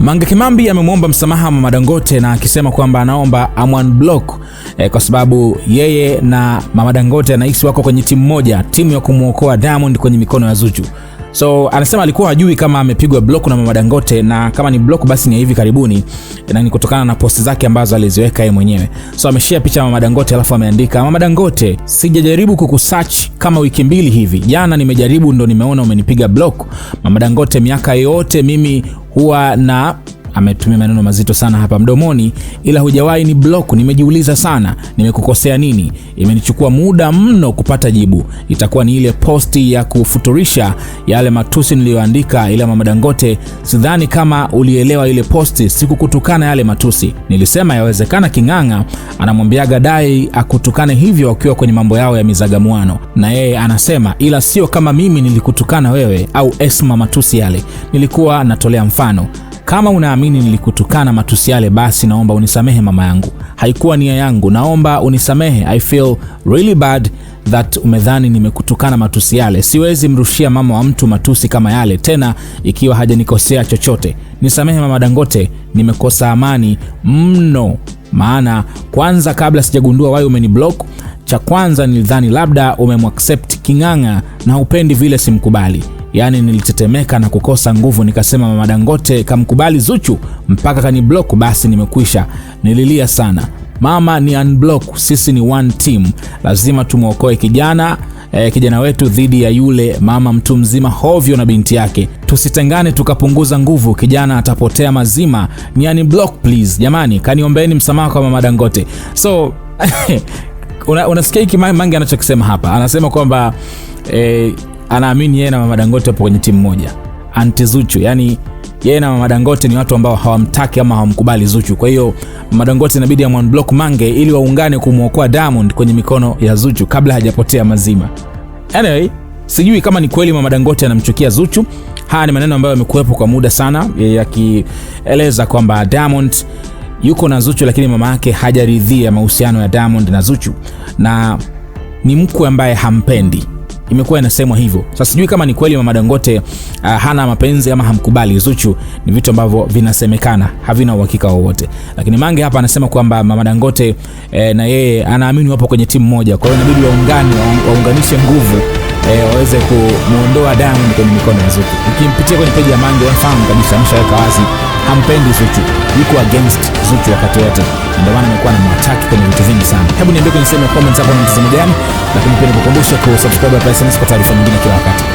Mange Kimambi amemwomba msamaha Mama Dangote na akisema kwamba anaomba block eh, kwa sababu yeye na Mama Dangote anahisi wako kwenye timu moja, timu ya kumwokoa Diamond kwenye mikono ya Zuchu. So anasema alikuwa hajui kama amepigwa block na Mama Dangote, na kama ni block basi ni hivi karibuni, na ni kutokana na posti zake ambazo aliziweka yeye mwenyewe. So ameshare picha ya Mama Dangote, alafu ameandika Mama Dangote, sijajaribu kukusearch kama wiki mbili hivi, jana nimejaribu ndo nimeona umenipiga block. Mama Dangote, miaka yote mimi huwa na ametumia maneno mazito sana hapa mdomoni, ila hujawahi ni block. Nimejiuliza sana, nimekukosea nini? Imenichukua muda mno kupata jibu. Itakuwa ni ile posti ya kufuturisha yale matusi niliyoandika, ila Mama Dangote, sidhani kama ulielewa ile posti. Sikukutukana yale matusi, nilisema yawezekana King'ang'a anamwambiaga Dai akutukane hivyo akiwa kwenye mambo yao ya mizagamuano, na yeye anasema ila sio kama mimi nilikutukana wewe au Esma, matusi yale nilikuwa natolea mfano kama unaamini nilikutukana matusi yale, basi naomba unisamehe mama yangu, haikuwa nia yangu, naomba unisamehe. I feel really bad that umedhani nimekutukana matusi yale. Siwezi mrushia mama wa mtu matusi kama yale tena, ikiwa hajanikosea chochote. Nisamehe mama Dangote, nimekosa amani mno, maana kwanza, kabla sijagundua wai umeniblock cha kwanza nilidhani labda umemwaccept King'ang'a na upendi vile simkubali yaani nilitetemeka na kukosa nguvu, nikasema mama Dangote kamkubali Zuchu mpaka kaniblock, basi nimekwisha. Nililia sana, mama ni unblock, sisi ni one team, lazima tumwokoe kijana eh, kijana wetu dhidi ya yule mama mtu mzima hovyo na binti yake. Tusitengane tukapunguza nguvu, kijana atapotea mazima. Ni unblock please, jamani, kaniombeni msamaha kwa mama Dangote. So unasikia una hiki Mange anachokisema hapa, anasema kwamba eh, anaamini yeye na Mama Dangote wapo kwenye timu moja. Anti Zuchu, yani yeye na Mama Dangote ni watu ambao hawamtaki ama hawamkubali Zuchu. Kwa hiyo Mama Dangote inabidi amunblock Mange ili waungane kumwokoa Diamond kwenye mikono ya Zuchu kabla hajapotea mazima. Anyway, sijui kama ni kweli Mama Dangote anamchukia Zuchu. Haya ni maneno ambayo yamekuwepo kwa muda sana yakieleza kwamba Diamond yuko na Zuchu, lakini mama yake hajaridhia mahusiano ya Diamond na Zuchu na ni mkwe ambaye hampendi imekuwa inasemwa hivyo. Sasa sijui kama ni kweli mama Dangote uh, hana mapenzi ama hamkubali Zuchu, ni vitu ambavyo vinasemekana, havina uhakika wowote. Lakini Mange hapa anasema kwamba mama Dangote eh, na yeye anaamini wapo kwenye timu moja, kwa hiyo inabidi waungane, waunganishe nguvu eh, waweze kumuondoa damu kwenye mikono ya Zuchu. Ukimpitia kwenye peji ya Mange unafahamu kabisa ameshaweka wazi hampendi Zuchu, yuko against Zuchu wakati wote, ndio maana amekuwa na attack kwenye vitu vingi sana. Hebu niambie kwenye sehemu ya comments hapo ni mtazamo gani, lakini pia nikukumbusha kusubscribe hapa SMS kwa taarifa nyingine kila wakati.